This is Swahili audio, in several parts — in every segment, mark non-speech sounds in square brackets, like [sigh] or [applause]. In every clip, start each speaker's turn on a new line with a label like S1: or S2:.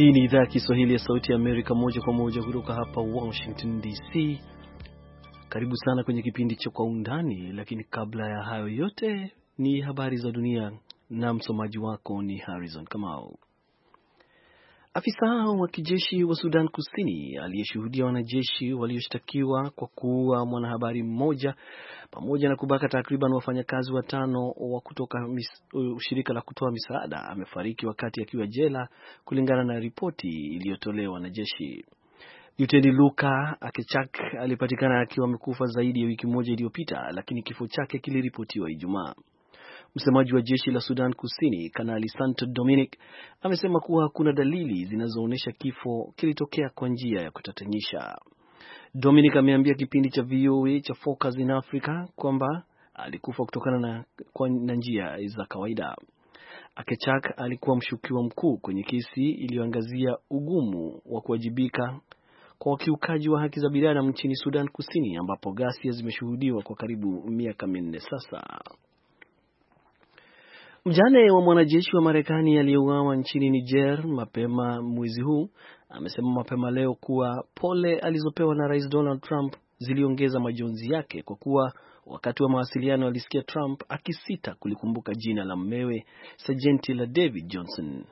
S1: Hii ni idhaa ya Kiswahili ya Sauti ya Amerika, moja kwa moja kutoka hapa Washington DC. Karibu sana kwenye kipindi cha Kwa Undani, lakini kabla ya hayo yote ni habari za dunia, na msomaji wako ni Harrison Kamau. Afisa wa kijeshi wa Sudan Kusini aliyeshuhudia wanajeshi walioshtakiwa kwa kuua mwanahabari mmoja pamoja na kubaka takriban wafanyakazi watano wa kutoka shirika la kutoa misaada amefariki wakati akiwa jela, kulingana na ripoti iliyotolewa na jeshi. Luteni Luka Akechak alipatikana akiwa amekufa zaidi ya wiki moja iliyopita, lakini kifo chake kiliripotiwa Ijumaa. Msemaji wa jeshi la Sudan Kusini, Kanali Santo Dominic, amesema kuwa hakuna dalili zinazoonyesha kifo kilitokea kwa njia ya kutatanyisha Dominic ameambia kipindi cha VOA cha Focus in Africa kwamba alikufa kutokana na, na njia za kawaida. Akechak alikuwa mshukiwa mkuu kwenye kesi iliyoangazia ugumu wa kuwajibika kwa wakiukaji wa haki za binadamu nchini Sudan Kusini ambapo ghasia zimeshuhudiwa kwa karibu miaka minne sasa. Mjane wa mwanajeshi wa Marekani aliyeuawa nchini Niger mapema mwezi huu amesema mapema leo kuwa pole alizopewa na Rais Donald Trump ziliongeza majonzi yake kwa kuwa wakati wa mawasiliano alisikia Trump akisita kulikumbuka jina la mmewe sajenti la David Johnson.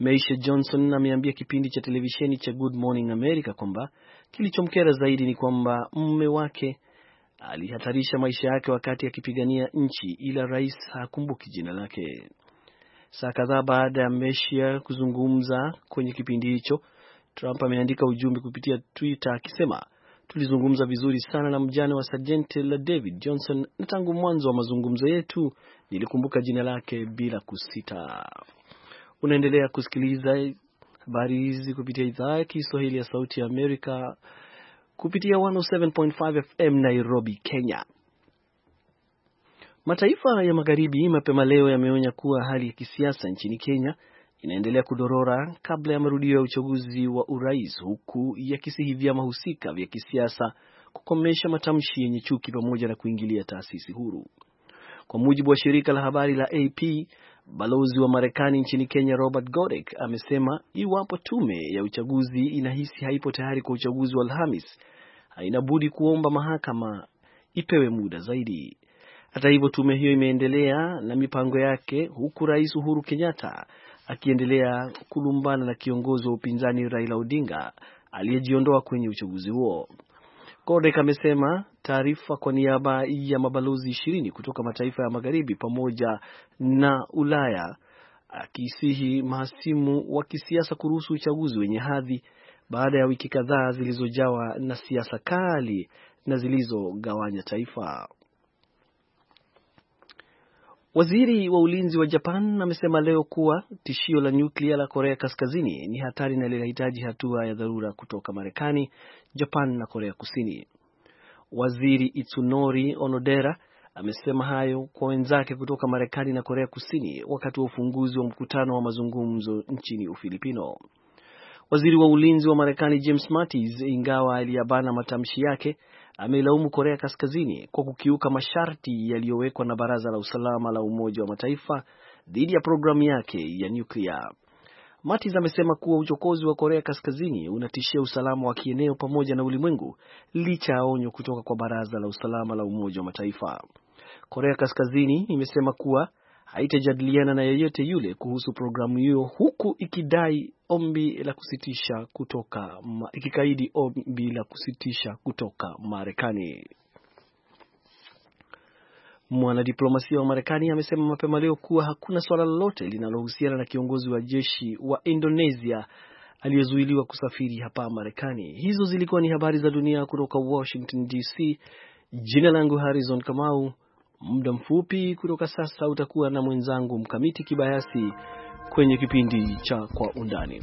S1: Meisha Johnson ameambia kipindi cha televisheni cha Good Morning America kwamba kilichomkera zaidi ni kwamba mume wake alihatarisha maisha yake wakati akipigania ya nchi, ila rais hakumbuki jina lake. Saa kadhaa baada ya Meshia kuzungumza kwenye kipindi hicho, Trump ameandika ujumbe kupitia Twitter akisema tulizungumza vizuri sana na mjane wa sajente la David Johnson, na tangu mwanzo wa mazungumzo yetu nilikumbuka jina lake bila kusita. Unaendelea kusikiliza habari hizi kupitia idhaa ya Kiswahili ya Sauti ya Amerika kupitia 107.5 FM Nairobi, Kenya. Mataifa ya magharibi mapema leo yameonya kuwa hali ya kisiasa nchini Kenya inaendelea kudorora kabla ya marudio ya uchaguzi wa urais, huku yakisihi vyama husika vya kisiasa kukomesha matamshi yenye chuki pamoja na kuingilia taasisi huru. Kwa mujibu wa shirika la habari la AP, Balozi wa Marekani nchini Kenya Robert Godek amesema iwapo tume ya uchaguzi inahisi haipo tayari kwa uchaguzi wa Alhamis, haina budi kuomba mahakama ipewe muda zaidi. Hata hivyo, tume hiyo imeendelea na mipango yake huku Rais Uhuru Kenyatta akiendelea kulumbana na kiongozi wa upinzani Raila Odinga aliyejiondoa kwenye uchaguzi huo. Godek amesema taarifa kwa niaba ya mabalozi ishirini kutoka mataifa ya magharibi pamoja na Ulaya akisihi mahasimu wa kisiasa kuruhusu uchaguzi wenye hadhi baada ya wiki kadhaa zilizojawa na siasa kali na zilizogawanya taifa. Waziri wa ulinzi wa Japan amesema leo kuwa tishio la nyuklia la Korea Kaskazini ni hatari na linahitaji hatua ya dharura kutoka Marekani, Japan na Korea Kusini. Waziri Itsunori Onodera amesema hayo kwa wenzake kutoka Marekani na Korea Kusini wakati wa ufunguzi wa mkutano wa mazungumzo nchini Ufilipino. Waziri wa ulinzi wa Marekani James Mattis, ingawa aliyabana matamshi yake, ameilaumu Korea Kaskazini kwa kukiuka masharti yaliyowekwa na Baraza la Usalama la Umoja wa Mataifa dhidi ya programu yake ya nyuklia. Mattis amesema kuwa uchokozi wa Korea Kaskazini unatishia usalama wa kieneo pamoja na ulimwengu licha ya onyo kutoka kwa Baraza la Usalama la Umoja wa Mataifa. Korea Kaskazini imesema kuwa haitajadiliana na yeyote yule kuhusu programu hiyo huku ikidai ombi la kusitisha kutoka, ikikaidi ombi la kusitisha kutoka Marekani. Mwanadiplomasia wa Marekani amesema mapema leo kuwa hakuna suala lolote linalohusiana na kiongozi wa jeshi wa Indonesia aliyezuiliwa kusafiri hapa Marekani. Hizo zilikuwa ni habari za dunia kutoka Washington DC. Jina langu Harrison Kamau. Muda mfupi kutoka sasa utakuwa na mwenzangu Mkamiti Kibayasi kwenye kipindi cha Kwa Undani.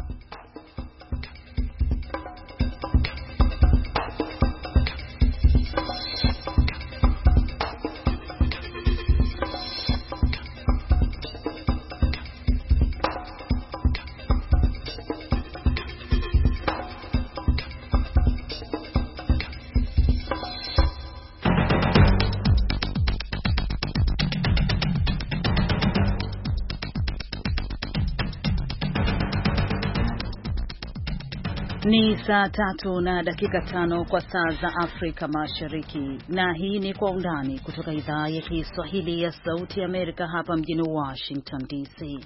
S2: saa tatu na dakika tano kwa saa za Afrika Mashariki, na hii ni Kwa Undani kutoka idhaa ya Kiswahili ya Sauti ya Amerika hapa mjini Washington DC.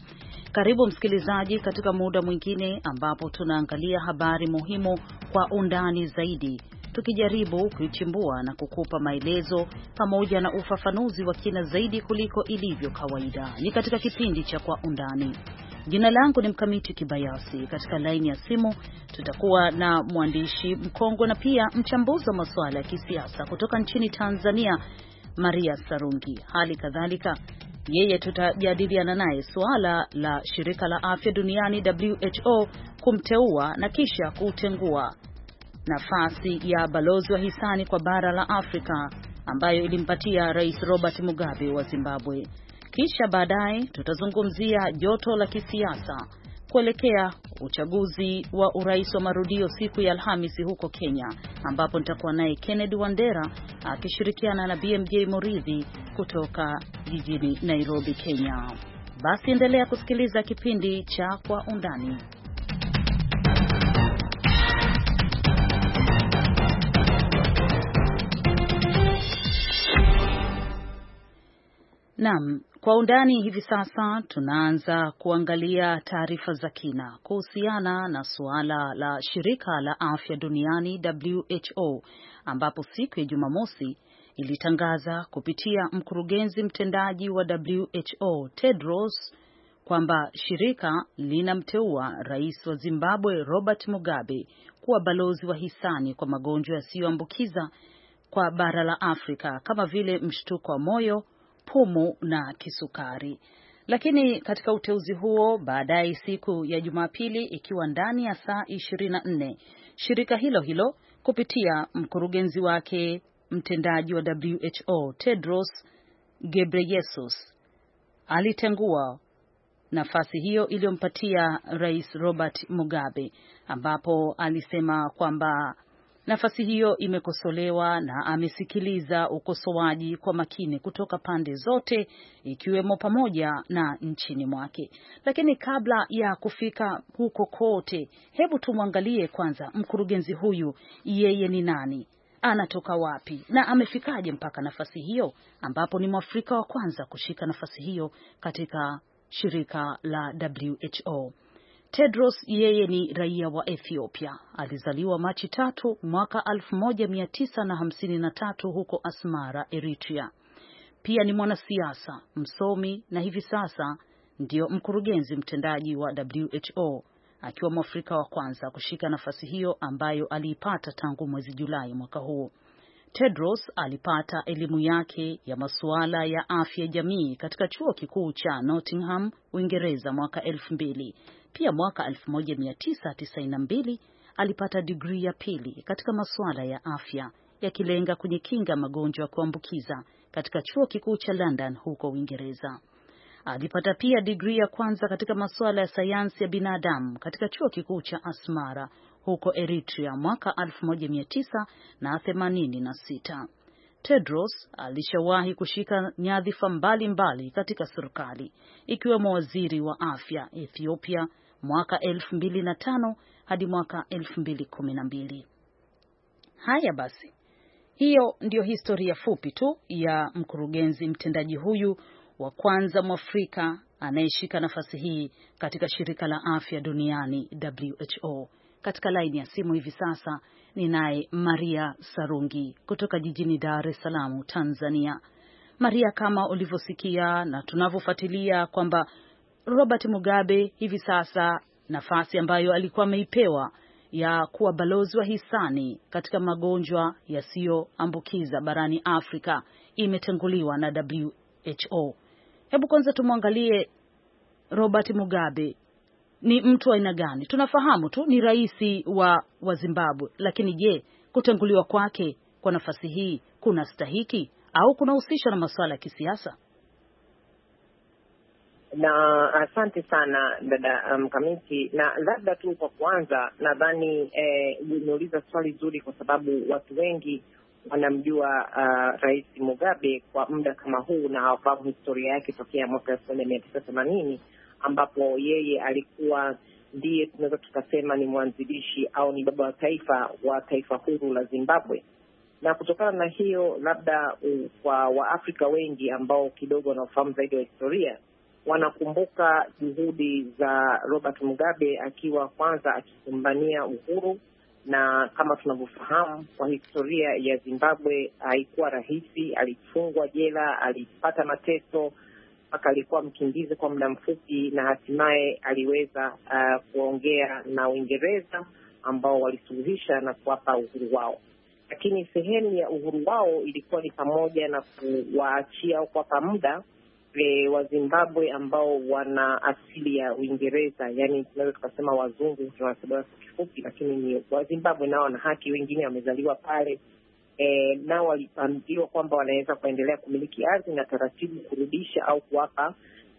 S2: Karibu msikilizaji, katika muda mwingine ambapo tunaangalia habari muhimu kwa undani zaidi, tukijaribu kuichimbua na kukupa maelezo pamoja na ufafanuzi wa kina zaidi kuliko ilivyo kawaida. Ni katika kipindi cha Kwa Undani. Jina langu ni Mkamiti Kibayasi. Katika laini ya simu tutakuwa na mwandishi mkongwe na pia mchambuzi wa masuala ya kisiasa kutoka nchini Tanzania, Maria Sarungi. Hali kadhalika yeye tutajadiliana naye suala la shirika la afya duniani WHO kumteua na kisha kutengua nafasi ya balozi wa hisani kwa bara la Afrika ambayo ilimpatia Rais Robert Mugabe wa Zimbabwe. Kisha baadaye tutazungumzia joto la kisiasa kuelekea uchaguzi wa urais wa marudio siku ya Alhamisi huko Kenya, ambapo nitakuwa naye Kennedy Wandera akishirikiana na BMJ Moridhi kutoka jijini Nairobi, Kenya. Basi endelea kusikiliza kipindi cha Kwa Undani. Naam, kwa undani hivi sasa tunaanza kuangalia taarifa za kina kuhusiana na suala la shirika la afya duniani WHO, ambapo siku ya Jumamosi ilitangaza kupitia mkurugenzi mtendaji wa WHO Tedros kwamba shirika linamteua rais wa Zimbabwe Robert Mugabe kuwa balozi wa hisani kwa magonjwa yasiyoambukiza kwa bara la Afrika kama vile mshtuko wa moyo pumu na kisukari. Lakini katika uteuzi huo, baadaye siku ya Jumapili, ikiwa ndani ya saa 24, shirika hilo hilo kupitia mkurugenzi wake mtendaji wa WHO Tedros Gebreyesus alitengua nafasi hiyo iliyompatia Rais Robert Mugabe, ambapo alisema kwamba Nafasi hiyo imekosolewa na amesikiliza ukosoaji kwa makini kutoka pande zote ikiwemo pamoja na nchini mwake. Lakini kabla ya kufika huko kote, hebu tumwangalie kwanza mkurugenzi huyu, yeye ni nani, anatoka wapi na amefikaje mpaka nafasi hiyo, ambapo ni Mwafrika wa kwanza kushika nafasi hiyo katika shirika la WHO. Tedros yeye ni raia wa Ethiopia. Alizaliwa Machi tatu mwaka 1953 huko Asmara, Eritrea. Pia ni mwanasiasa, msomi na hivi sasa ndio mkurugenzi mtendaji wa WHO akiwa Mwafrika wa kwanza kushika nafasi hiyo ambayo aliipata tangu mwezi Julai mwaka huu. Tedros alipata elimu yake ya masuala ya afya jamii katika chuo kikuu cha Nottingham, Uingereza mwaka elfu mbili pia mwaka 1992 alipata digrii ya pili katika masuala ya afya yakilenga kwenye kinga magonjwa ya kuambukiza katika chuo kikuu cha London huko Uingereza. Alipata pia digrii ya kwanza katika masuala ya sayansi ya binadamu katika chuo kikuu cha Asmara huko Eritrea mwaka 1986. Tedros alishawahi kushika nyadhifa mbalimbali katika serikali ikiwemo waziri wa afya Ethiopia, mwaka tano hadi mwaka mbili. Haya basi, hiyo ndiyo historia fupi tu ya mkurugenzi mtendaji huyu wa kwanza Mwafrika anayeshika nafasi hii katika shirika la afya duniani WHO. Katika laini ya simu hivi sasa ninaye Maria Sarungi kutoka jijini Dar es Salaam, Tanzania. Maria, kama ulivyosikia na tunavyofuatilia kwamba Robert Mugabe hivi sasa nafasi ambayo alikuwa ameipewa ya kuwa balozi wa hisani katika magonjwa yasiyoambukiza barani Afrika imetenguliwa na WHO. Hebu kwanza tumwangalie Robert Mugabe ni mtu aina gani? Tunafahamu tu ni rais wa, wa Zimbabwe, lakini je, kutenguliwa kwake kwa nafasi hii kuna stahiki au kunahusishwa na masuala ya kisiasa?
S3: na asante sana dada Mkamiti. Um, na labda tu kwa kuanza, nadhani eh, umeuliza eh, swali zuri, kwa sababu watu wengi wanamjua uh, Rais Mugabe kwa muda kama huu na hawafahamu historia yake tokea mwaka elfu moja mia tisa themanini ambapo yeye alikuwa ndiye tunaweza tukasema ni mwanzilishi au ni baba wa taifa wa taifa huru la Zimbabwe. Na kutokana na hiyo, labda kwa Waafrika wengi ambao kidogo wanaofahamu zaidi wa historia wanakumbuka juhudi za Robert Mugabe akiwa kwanza akikumbania uhuru, na kama tunavyofahamu kwa historia ya Zimbabwe haikuwa rahisi. Alifungwa jela, alipata mateso mpaka alikuwa mkimbizi kwa muda mfupi, na hatimaye aliweza uh, kuongea na Uingereza ambao walisuluhisha na kuwapa uhuru wao. Lakini sehemu ya uhuru wao ilikuwa ni pamoja na kuwaachia au kuwapa muda e, Wazimbabwe ambao wana asili ya Uingereza, yani tunaweza tukasema wazungu tunawasema kifupi, lakini ni Wazimbabwe, nao wana haki, wengine wamezaliwa pale e, nao waliambiwa kwamba wanaweza kuendelea kumiliki ardhi na taratibu kurudisha au kuwapa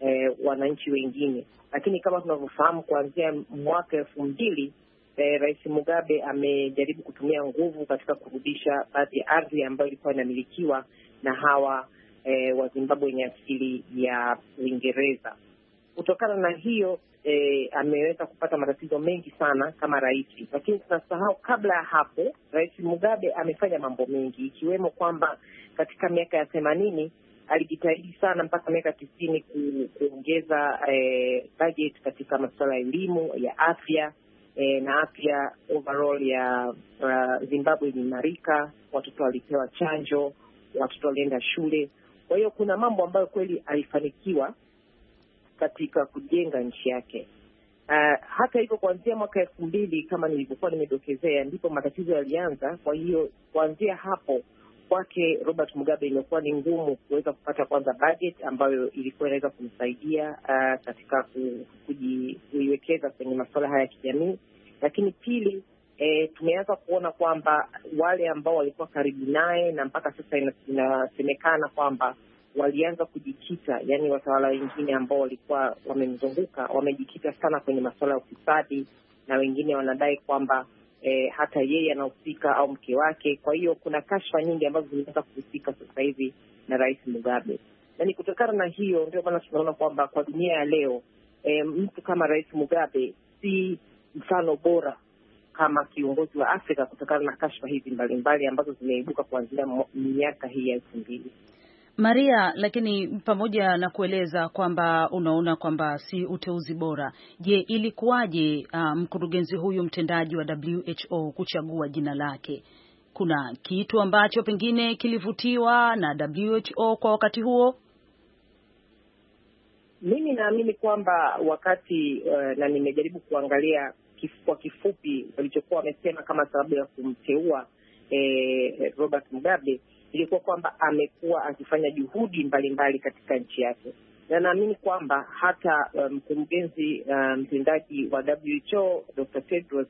S3: e, wananchi wengine, lakini kama tunavyofahamu kuanzia mwaka elfu mbili e, Rais Mugabe amejaribu kutumia nguvu katika kurudisha baadhi ya ardhi ambayo ilikuwa inamilikiwa na hawa e, wa Zimbabwe wenye asili ya Uingereza. Kutokana na hiyo e, ameweza kupata matatizo mengi sana kama rais, lakini tunasahau kabla ya hapo Rais Mugabe amefanya mambo mengi ikiwemo kwamba katika miaka ya themanini alijitahidi sana mpaka miaka tisini kuongeza e, budget katika masuala ya elimu, ya afya e, na afya overall ya uh, Zimbabwe iliimarika. Watoto walipewa chanjo, watoto walienda shule. Kwa hiyo kuna mambo ambayo kweli alifanikiwa katika kujenga nchi yake. Uh, hata hivyo kuanzia mwaka elfu mbili kama nilivyokuwa nimedokezea, ndipo matatizo yalianza. Kwa hiyo kuanzia hapo kwake Robert Mugabe imekuwa ni ngumu kuweza kupata kwanza budget ambayo ilikuwa inaweza kumsaidia uh, katika kuiwekeza kwenye masuala haya ya kijamii, lakini pili e, tumeanza kuona kwamba wale ambao walikuwa karibu naye na mpaka sasa inasemekana kwamba walianza kujikita, yani watawala wengine ambao walikuwa wamemzunguka wamejikita sana kwenye masuala ya ufisadi, na wengine wanadai kwamba e, hata yeye anahusika au mke wake. Kwa hiyo kuna kashfa nyingi ambazo zimeanza kuhusika sasa hivi na Rais Mugabe, na ni kutokana na hiyo ndio maana tunaona kwamba kwa dunia ya leo e, mtu kama Rais Mugabe si mfano bora kama kiongozi wa Afrika kutokana na kashfa hizi mbalimbali ambazo zimeibuka kuanzia miaka hii ya elfu mbili.
S2: Maria, lakini pamoja na kueleza kwamba unaona kwamba si uteuzi bora, je, ilikuwaje uh, mkurugenzi huyu mtendaji wa WHO kuchagua jina lake? Kuna kitu ambacho pengine kilivutiwa na WHO kwa wakati huo?
S3: Mimi naamini kwamba wakati uh, na nimejaribu kuangalia kifu, kwa kifupi walichokuwa wamesema kama sababu ya kumteua eh, Robert Mugabe ilikuwa kwamba amekuwa akifanya juhudi mbalimbali mbali katika nchi yake, na naamini kwamba hata eh, mkurugenzi um, mtendaji wa WHO Dr. Tedros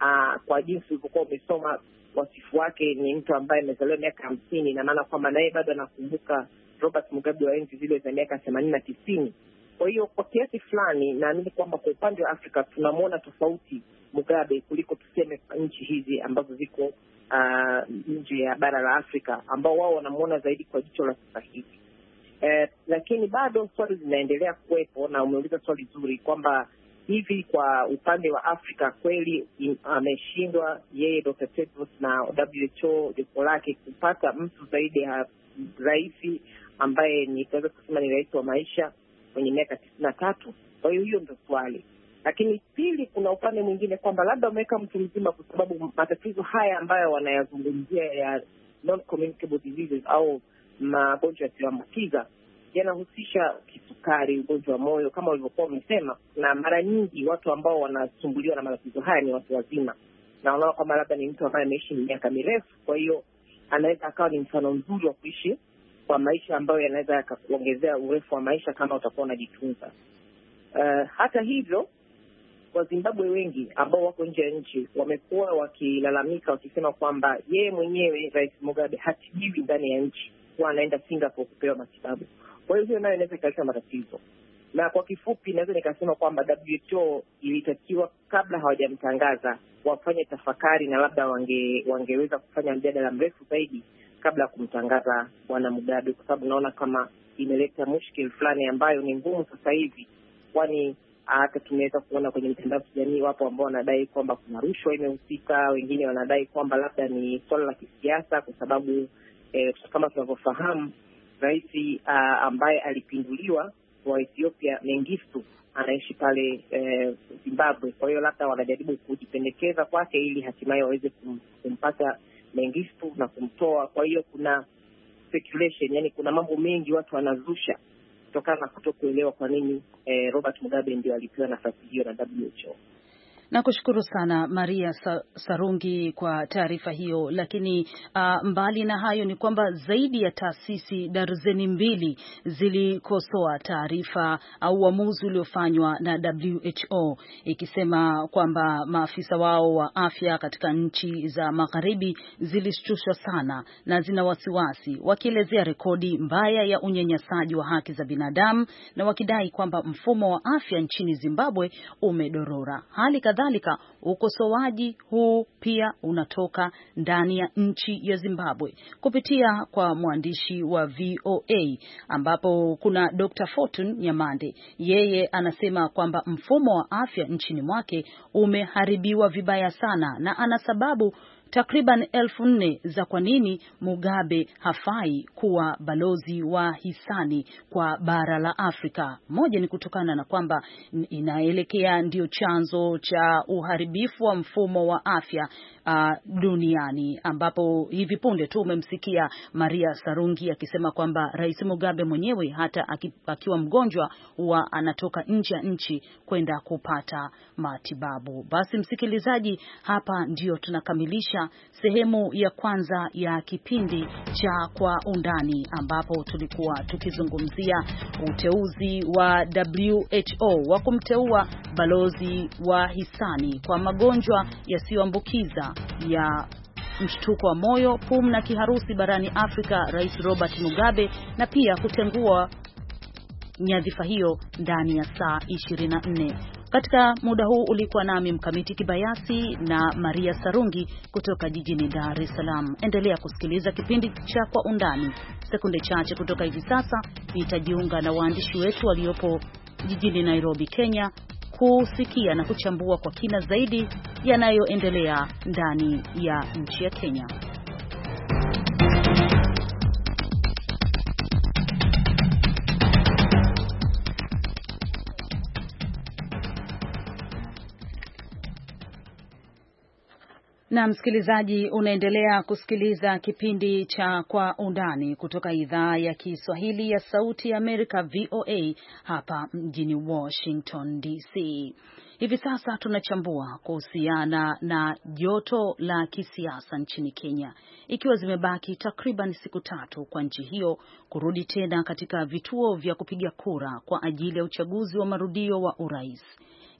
S3: uh, kwa jinsi ulivyokuwa umesoma wasifu wake, ni mtu ambaye amezaliwa miaka hamsini, na maana kwamba naye bado anakumbuka Robert Mugabe wa enzi zile za miaka themanini na tisini. Kwa hiyo kwa kiasi fulani naamini kwamba kwa upande wa Afrika tunamwona tofauti Mugabe kuliko tuseme nchi hizi ambazo ziko uh, nje ya bara la Afrika ambao wao wanamwona zaidi kwa jicho la sasa hivi. Eh, lakini bado swali zinaendelea kuwepo na umeuliza swali zuri kwamba hivi kwa upande wa Afrika kweli mm, ameshindwa yeye Dr. Tedros na WHO jopo lake kupata mtu zaidi ya rais ambaye nitaweza kusema ni rais wa maisha kwenye miaka tisini na tatu. Kwa hiyo hiyo ndo swali, lakini pili, kuna upande mwingine kwamba labda wameweka mtu mzima, kwa sababu matatizo haya ambayo wanayazungumzia ya non communicable diseases au magonjwa yasiyoambukiza yanahusisha kisukari, ugonjwa wa moyo kama walivyokuwa wamesema, na mara nyingi watu ambao wanasumbuliwa na matatizo haya ni watu wazima, na unaona kwamba labda ni mtu ambaye ameishi miaka mirefu, kwa hiyo anaweza akawa ni mfano mzuri wa kuishi kwa maisha ambayo yanaweza yakakuongezea urefu wa maisha kama utakuwa unajitunza. Uh, hata hivyo Wazimbabwe wengi ambao wako nje ya nchi wamekuwa wakilalamika wakisema kwamba yeye mwenyewe Rais Mugabe hatibiwi ndani ya nchi, huwa anaenda Singapore kupewa matibabu. Kwa hiyo hiyo nayo inaweza ikaleta matatizo, na kwa kifupi naweza nikasema kwamba WTO ilitakiwa kabla hawajamtangaza wafanye tafakari na labda wange, wangeweza kufanya mjadala mrefu zaidi kabla ya kumtangaza Bwana Mugabe, kwa sababu naona kama imeleta mushkil fulani ambayo ni ngumu sasa hivi, kwani hata tumeweza kuona kwenye mitandao ya kijamii, wapo ambao wanadai kwamba kuna rushwa imehusika, wengine wanadai kwamba labda ni swala la kisiasa, kwa sababu eh, kama tunavyofahamu rais uh, ambaye alipinduliwa wa Ethiopia Mengistu anaishi pale uh, Zimbabwe. Kwa hiyo labda wanajaribu kujipendekeza kwake ili hatimaye waweze kum, kumpata Mengistu na kumtoa. Kwa hiyo kuna speculation, yani kuna mambo mengi watu wanazusha kutokana na kuto kuelewa kwa nini eh, Robert Mugabe ndio alipewa nafasi hiyo na WHO.
S2: Nakushukuru sana Maria Sarungi kwa taarifa hiyo. Lakini uh, mbali na hayo ni kwamba zaidi ya taasisi darzeni mbili zilikosoa taarifa au uamuzi uliofanywa na WHO ikisema kwamba maafisa wao wa afya katika nchi za magharibi zilishtushwa sana na zina wasiwasi, wakielezea rekodi mbaya ya unyanyasaji wa haki za binadamu na wakidai kwamba mfumo wa afya nchini Zimbabwe umedorora. Hali kadhalika kadhalika ukosoaji huu pia unatoka ndani ya nchi ya Zimbabwe kupitia kwa mwandishi wa VOA ambapo kuna Dr. Fortune Nyamande. Yeye anasema kwamba mfumo wa afya nchini mwake umeharibiwa vibaya sana na ana sababu takriban elfu nne za kwa nini Mugabe hafai kuwa balozi wa hisani kwa bara la Afrika. Moja ni kutokana na kwamba inaelekea ndio chanzo cha uharibifu wa mfumo wa afya uh, duniani ambapo hivi punde tu umemsikia Maria Sarungi akisema kwamba Rais Mugabe mwenyewe hata akiwa mgonjwa huwa anatoka nje ya nchi kwenda kupata matibabu. Basi msikilizaji, hapa ndio tunakamilisha sehemu ya kwanza ya kipindi cha Kwa Undani ambapo tulikuwa tukizungumzia uteuzi wa WHO wa kumteua balozi wa hisani kwa magonjwa yasiyoambukiza ya mshtuko wa moyo, pumu na kiharusi barani Afrika Rais Robert Mugabe na pia kutengua nyadhifa hiyo ndani ya saa 24. Katika muda huu ulikuwa nami Mkamiti Kibayasi na Maria Sarungi kutoka jijini Dar es Salaam. Endelea kusikiliza kipindi cha Kwa Undani. Sekunde chache kutoka hivi sasa nitajiunga na waandishi wetu waliopo jijini Nairobi, Kenya, kusikia na kuchambua kwa kina zaidi yanayoendelea ndani ya nchi ya Kenya. Na msikilizaji, unaendelea kusikiliza kipindi cha Kwa Undani kutoka idhaa ya Kiswahili ya Sauti ya Amerika, VOA, hapa mjini Washington DC. Hivi sasa tunachambua kuhusiana na joto la kisiasa nchini Kenya, ikiwa zimebaki takriban siku tatu kwa nchi hiyo kurudi tena katika vituo vya kupiga kura kwa ajili ya uchaguzi wa marudio wa urais.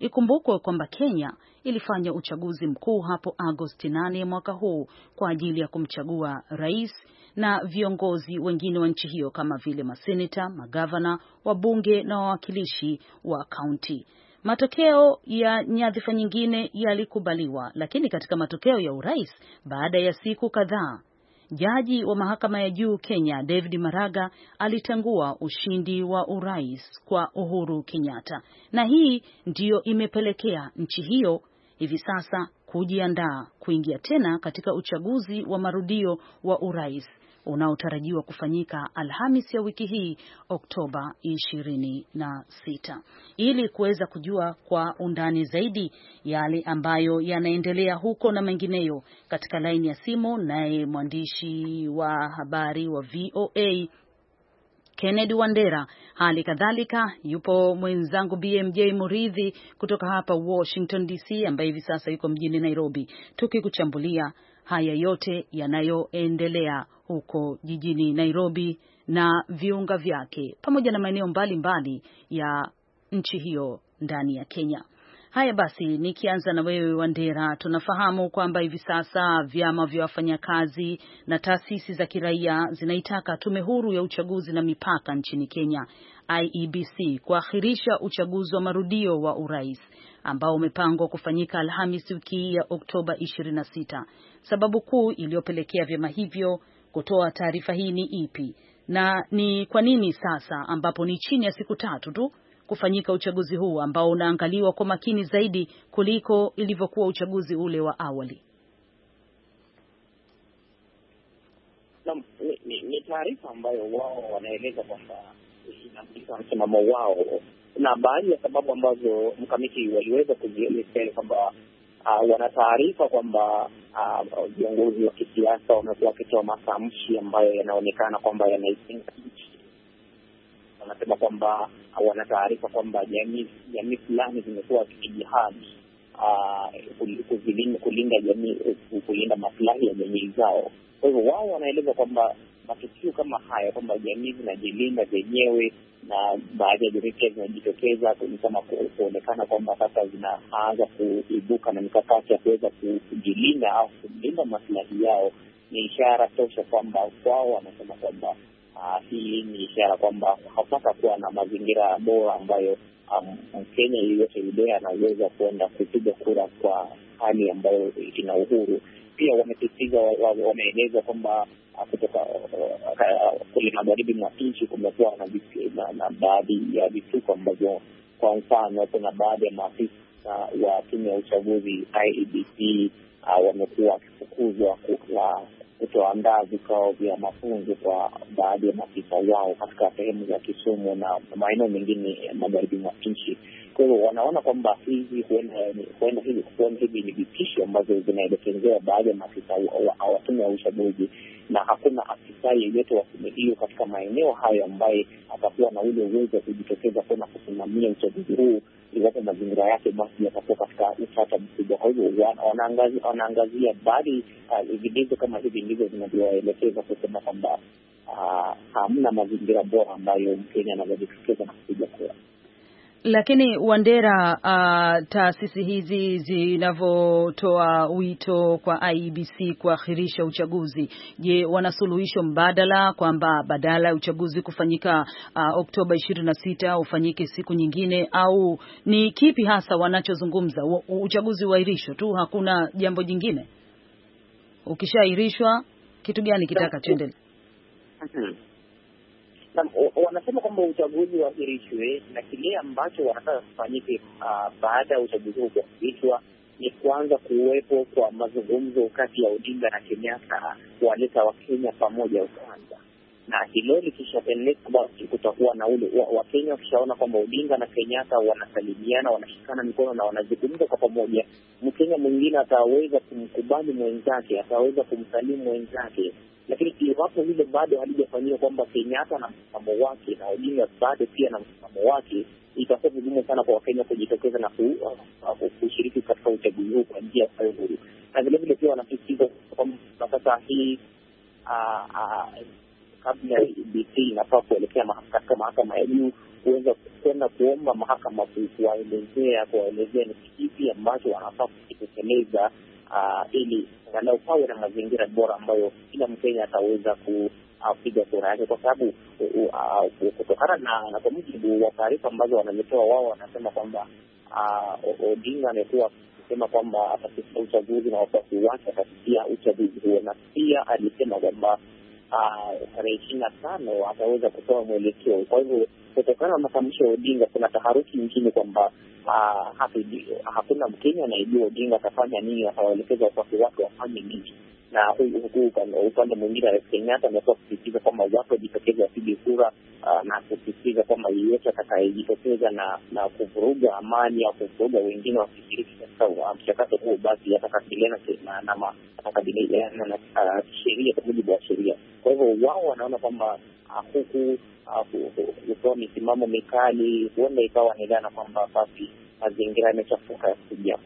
S2: Ikumbukwe kwamba Kenya ilifanya uchaguzi mkuu hapo Agosti 8 mwaka huu kwa ajili ya kumchagua rais na viongozi wengine wa nchi hiyo kama vile maseneta, magavana, wabunge na wawakilishi wa kaunti. Matokeo ya nyadhifa nyingine yalikubaliwa, lakini katika matokeo ya urais, baada ya siku kadhaa Jaji wa mahakama ya juu Kenya David Maraga alitangua ushindi wa urais kwa Uhuru Kenyatta, na hii ndiyo imepelekea nchi hiyo hivi sasa kujiandaa kuingia tena katika uchaguzi wa marudio wa urais unaotarajiwa kufanyika Alhamis ya wiki hii Oktoba 26 ili kuweza kujua kwa undani zaidi yale ambayo yanaendelea huko na mengineyo. Katika laini ya simu naye mwandishi wa habari wa VOA Kennedy Wandera, hali kadhalika yupo mwenzangu BMJ Muridhi kutoka hapa Washington DC, ambaye hivi sasa yuko mjini Nairobi, tukikuchambulia haya yote yanayoendelea huko jijini Nairobi na viunga vyake pamoja na maeneo mbalimbali ya nchi hiyo ndani ya Kenya. Haya basi, nikianza na wewe Wandera, tunafahamu kwamba hivi sasa vyama vya wafanyakazi na taasisi za kiraia zinaitaka tume huru ya uchaguzi na mipaka nchini Kenya, IEBC, kuahirisha uchaguzi wa marudio wa urais ambao umepangwa kufanyika Alhamis wiki ya Oktoba 26. Sababu kuu iliyopelekea vyama hivyo kutoa taarifa hii ni ipi na ni kwa nini sasa ambapo ni chini ya siku tatu tu kufanyika uchaguzi huu ambao unaangaliwa kwa makini zaidi kuliko ilivyokuwa uchaguzi ule wa
S4: awali?
S3: Na, ni, ni, ni
S4: taarifa ambayo wao wanaeleza kwamba inagusa msimamo wao na baadhi ya sababu ambazo mkamiti waliweza kuzielezea kwamba uh, wana taarifa kwamba ah, viongozi uh, wa kisiasa wamekuwa wakitoa matamshi ambayo yanaonekana kwamba yanaipinga nchi. Wanasema kwamba uh, wana taarifa kwamba jamii fulani zimekuwa kijihadi uh, kulinda jamii, kulinda maslahi ya jamii zao. Kwa hivyo wao wanaeleza kwamba matukio kama haya kwamba jamii zinajilinda zenyewe na baadhi ya direktors zinajitokeza kama kuonekana kwamba sasa zinaanza kuibuka na mikakati ya kuweza kujilinda au kulinda masilahi yao, ni ishara tosha kwamba kwao wanasema kwamba hii ah, ni ishara kwamba hapata kuwa na mazingira bora ambayo um, Mkenya um, yeyote yule anaweza kuenda kupiga kura kwa hali ambayo ina uhuru. Pia wamesisitiza, wameeleza kwamba kutoka eh, kule magharibi mwa nchi, kumekuwa na baadhi ya vituko ambavyo, kwa mfano, kuna baadhi ya maafisa wa tume ya uchaguzi IEBC ah, wamekuwa wakifukuzwa la kutoandaa vikao vya mafunzo kwa baadhi ya maafisa wao katika sehemu za Kisumu na maeneo mengine magharibi mwa nchi. Kwa hivyo wanaona kwamba hizi huenda hivi ni vitisho ambazo zinaelekezewa baadhi ya maafisa wa uchaguzi, na hakuna afisa yeyote wa tume hiyo katika maeneo hayo ambaye atakuwa na ule uwezo wa kujitokeza kwenda kusimamia uchaguzi huu iwapo mazingira yake basi yatakuwa katika utata mkubwa. Kwa hivyo wanaangazia bali ah, vigezo kama hivi ndivyo vinavyoelekeza kusema kwamba ah, hamna mazingira bora ambayo Mkenya anaweza jitokeza na kupiga kura.
S2: Lakini Wandera, uh, taasisi hizi zinavyotoa wito kwa IEBC kuahirisha uchaguzi, je, wana suluhisho mbadala kwamba badala ya uchaguzi kufanyika uh, Oktoba 26 ufanyike siku nyingine, au ni kipi hasa wanachozungumza? Uchaguzi uahirishwe tu, hakuna jambo jingine? Ukishaahirishwa kitu gani kitakachoendelea?
S4: wanasema kwamba uchaguzi uahirishwe, na kile ambacho wanataka kufanyike ah, baada ya uchaguzi huu kuahirishwa ni kuanza kuwepo kwa mazungumzo kati ya Odinga na Kenyatta kuwaleta Wakenya pamoja kwanza, na hilo likishapeleka basi kutakuwa na ule Wakenya wakishaona kwamba Odinga na Kenyatta wanasalimiana, wanashikana mikono na wanazungumza kwa pamoja, Mkenya mwingine ataweza kumkubali mwenzake, ataweza kumsalimu mwenzake lakini iwapo hilo bado halijafanyiwa kwamba Kenyatta na msimamo wake na Odinga bado pia na msimamo wake, itakuwa vigumu sana kwa Wakenya kujitokeza na uh, uh, kushiriki katika uchaguzi huu kwa njia ambayo huru, na vilevile pia wanasisitiza kwamba sasa hii uh, kabla BC inafaa kuelekea katika mahakama ya juu kuweza kwenda kuomba mahakama kuwaelezea kuwaelezea ni kipi ambacho wanafaa kukitekeleza uh, ili angalau pawe na mazingira bora ambayo kila Mkenya ataweza ah, kupiga kura yake, kwa sababu ah, kutokana na kwa mujibu wa taarifa ambazo wanazitoa wao, wanasema kwamba Odinga amekuwa akisema kwamba atasusia uchaguzi na wafuasi wake atasusia uchaguzi huo, na pia alisema kwamba Ah, tarehe ishirini na tano ataweza kutoa mwelekeo. Kwa hivyo kutokana na matamshi ya Odinga kuna taharuki nchini kwamba ah, hakuna Mkenya anayejua Odinga atafanya nini, atawaelekeza wafuasi wake wafanye nini na huku upande mwingine Rais Kenyatta amekuwa akisisitiza kwamba watu wajitokeze wapige kura ah, na kusisitiza kwamba yeyote atakayejitokeza na na kuvuruga amani au kuvuruga wengine wakishiriki katika mchakato huo, basi atakabiliana na ah, kisheria kwa mujibu wa sheria. Kwa hivyo wao wanaona kwamba ah, huku kutoa misimamo mikali huenda ikawa ni dhana kwamba basi mazingira yamechafuka ya kupigia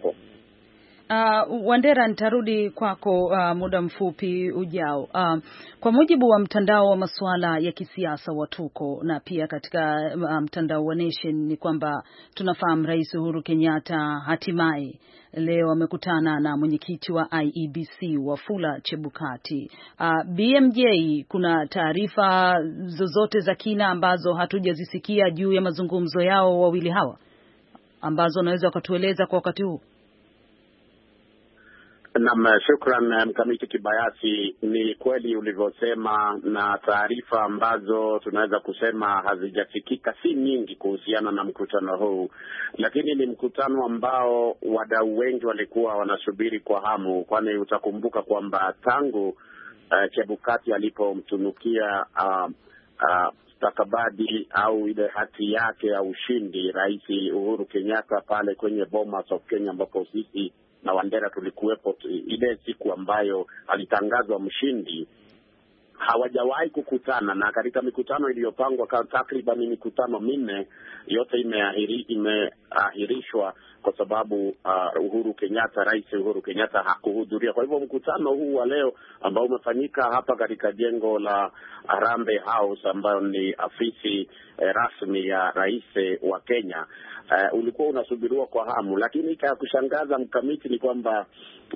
S2: Uh, Wandera nitarudi kwako uh, muda mfupi ujao. Uh, kwa mujibu wa mtandao wa masuala ya kisiasa wa Tuko na pia katika uh, mtandao wa Nation ni kwamba tunafahamu Rais Uhuru Kenyatta hatimaye leo amekutana na mwenyekiti wa IEBC Wafula Chebukati. Uh, BMJ, kuna taarifa zozote za kina ambazo hatujazisikia juu ya mazungumzo yao wawili hawa ambazo wanaweza wakatueleza kwa wakati huu?
S5: Nam, shukran Mkamiti Kibayasi. Ni kweli ulivyosema, na taarifa ambazo tunaweza kusema hazijafikika si nyingi kuhusiana na mkutano huu, lakini ni mkutano ambao wadau wengi walikuwa wanasubiri kwa hamu, kwani utakumbuka kwamba tangu uh, Chebukati alipomtunukia uh, uh, stakabadhi au ile hati yake ya ushindi Rais Uhuru Kenyatta pale kwenye Bomas of Kenya ambapo sisi na Wandera tulikuwepo ile siku ambayo alitangazwa mshindi hawajawahi kukutana na katika mikutano iliyopangwa takriban mikutano minne yote imeahiri ime ahirishwa kwa sababu uh, Uhuru Kenyatta, Rais Uhuru Kenyatta hakuhudhuria. Kwa hivyo mkutano huu wa leo ambao umefanyika hapa katika jengo la Harambee House ambayo ni afisi eh, rasmi ya rais eh, wa Kenya uh, ulikuwa unasubiriwa kwa hamu, lakini cha kushangaza mkamiti ni kwamba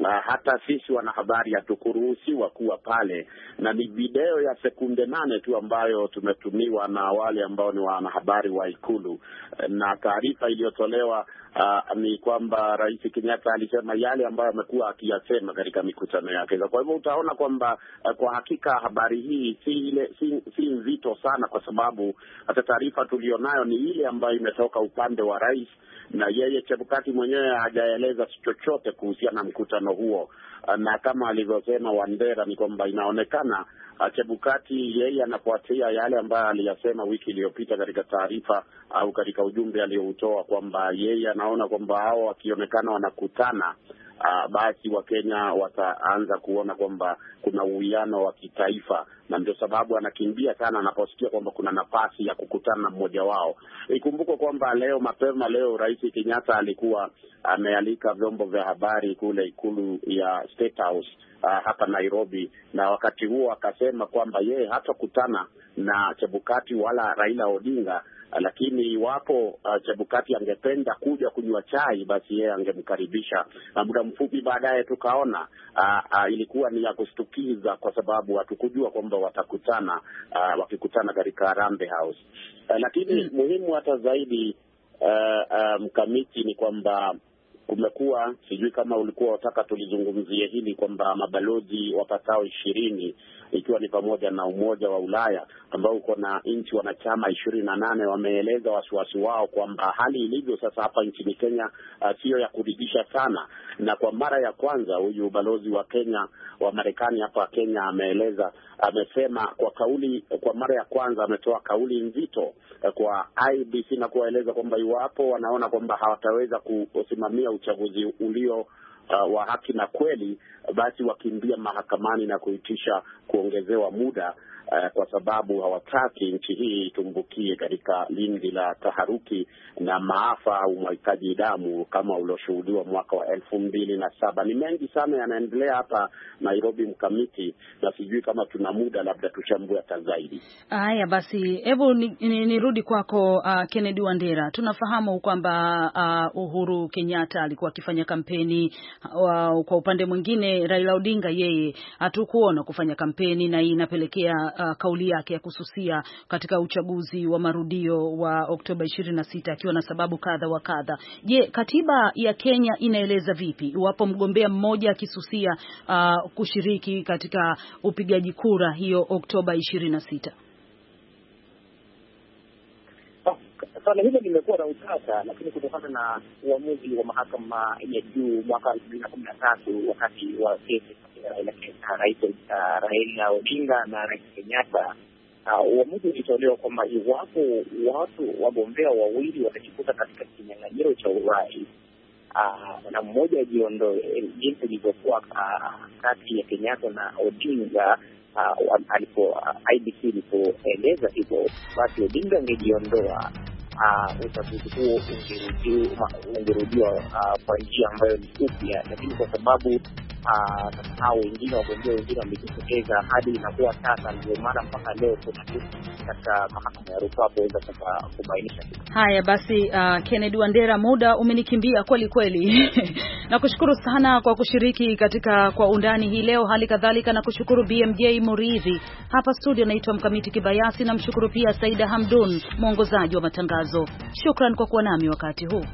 S5: uh, hata sisi wanahabari hatukuruhusiwa kuwa pale, na ni video ya sekunde nane tu ambayo tumetumiwa na wale ambao ni wanahabari wa Ikulu na taarifa iliyo yaliyotolewa uh, ah, ni kwamba Rais Kenyatta alisema yale ambayo amekuwa akiyasema katika mikutano yake. Kwa hivyo utaona kwamba uh, kwa hakika habari hii si ile si, si nzito sana, kwa sababu hata taarifa tuliyonayo ni ile ambayo imetoka upande wa rais, na yeye Chebukati mwenyewe hajaeleza chochote kuhusiana na mkutano huo, ah, na kama alivyosema Wandera ni kwamba inaonekana Chebukati yeye anafuatia yale ambayo aliyasema wiki iliyopita katika taarifa au katika ujumbe aliyoutoa kwamba yeye anaona kwamba hao wakionekana wanakutana Uh, basi Wakenya wataanza kuona kwamba kuna uwiano wa kitaifa na ndio sababu anakimbia sana anaposikia kwamba kuna nafasi ya kukutana na mmoja wao. Ikumbukwe kwamba leo mapema leo Rais Kenyatta alikuwa amealika vyombo vya habari kule ikulu ya State House Uh, hapa Nairobi na wakati huo akasema kwamba yeye hatakutana na Chebukati wala Raila Odinga lakini iwapo uh, Chebukati angependa kuja kunywa chai, basi yeye angemkaribisha. Uh, muda mfupi baadaye tukaona uh, uh, ilikuwa ni ya kushtukiza kwa sababu hatukujua kwamba watakutana uh, wakikutana katika Harambee House uh, lakini mm, muhimu hata zaidi uh, uh, mkamiti uh, um, ni kwamba kumekuwa sijui kama ulikuwa wataka tulizungumzie hili kwamba mabalozi wapatao ishirini ikiwa ni pamoja na Umoja wa Ulaya ambao uko na nchi wanachama ishirini na nane wameeleza wasiwasi wao kwamba hali ilivyo sasa hapa nchini Kenya uh, siyo ya kuridhisha sana. Na kwa mara ya kwanza huyu balozi wa Kenya wa Marekani hapa Kenya ameeleza, amesema kwa kauli, kwa mara ya kwanza ametoa kauli nzito uh, kwa IBC na kuwaeleza kwamba iwapo wanaona kwamba hawataweza kusimamia uchaguzi ulio uh, wa haki na kweli, basi wakimbia mahakamani na kuitisha kuongezewa muda uh, kwa sababu hawataki nchi hii itumbukie katika lindi la taharuki na maafa au umwagikaji damu kama ulioshuhudiwa mwaka wa elfu mbili na saba. Ni mengi sana yanaendelea hapa Nairobi mkamiti, na sijui kama tuna muda, labda tuchambue hata zaidi.
S2: Haya basi, hebu nirudi ni, ni kwako uh, Kennedy Wandera. Tunafahamu kwamba uh, Uhuru Kenyatta alikuwa akifanya kampeni uh, kwa upande mwingine Raila Odinga yeye hatukuona kufanya kampeni, na inapelekea uh, kauli yake ya kususia katika uchaguzi wa marudio wa Oktoba 26 akiwa na sababu kadha wa kadha. Je, katiba ya Kenya inaeleza vipi iwapo mgombea mmoja akisusia uh, kushiriki katika upigaji kura hiyo Oktoba 26?
S4: Suala hilo limekuwa na utata, lakini kutokana na uamuzi wa mahakama ya juu mwaka elfu mbili na kumi na tatu wakati wa kesi ya rais uh, Raila Odinga na rais Kenyatta, uh, uamuzi ulitolewa kwamba iwapo watu wagombea wawili watajikuta katika kinyang'anyiro cha urais uh, na mmoja ajiondoe, jinsi ilivyokuwa kati ya Kenyatta na Odinga alipo IBC ilipoeleza hivyo, basi Odinga angejiondoa. Uh, utafiti huo ungerudiwa uh, kwa njia ambayo ni upya, lakini kwa sababu Ah, hao wengine wagonjwa wengine wamejitokeza, hadi inakuwa sasa ndio mara mpaka leo kuna katika mahakama ya rufaa kuweza kubainisha.
S2: Haya basi, uh, Kennedy Wandera, muda umenikimbia kweli kweli. [laughs] Nakushukuru sana kwa kushiriki katika kwa undani hii leo. Hali kadhalika nakushukuru BMJ Muridhi hapa studio. Naitwa Mkamiti Kibayasi, namshukuru pia Saida Hamdun, mwongozaji wa matangazo. Shukran kwa kuwa nami wakati huu.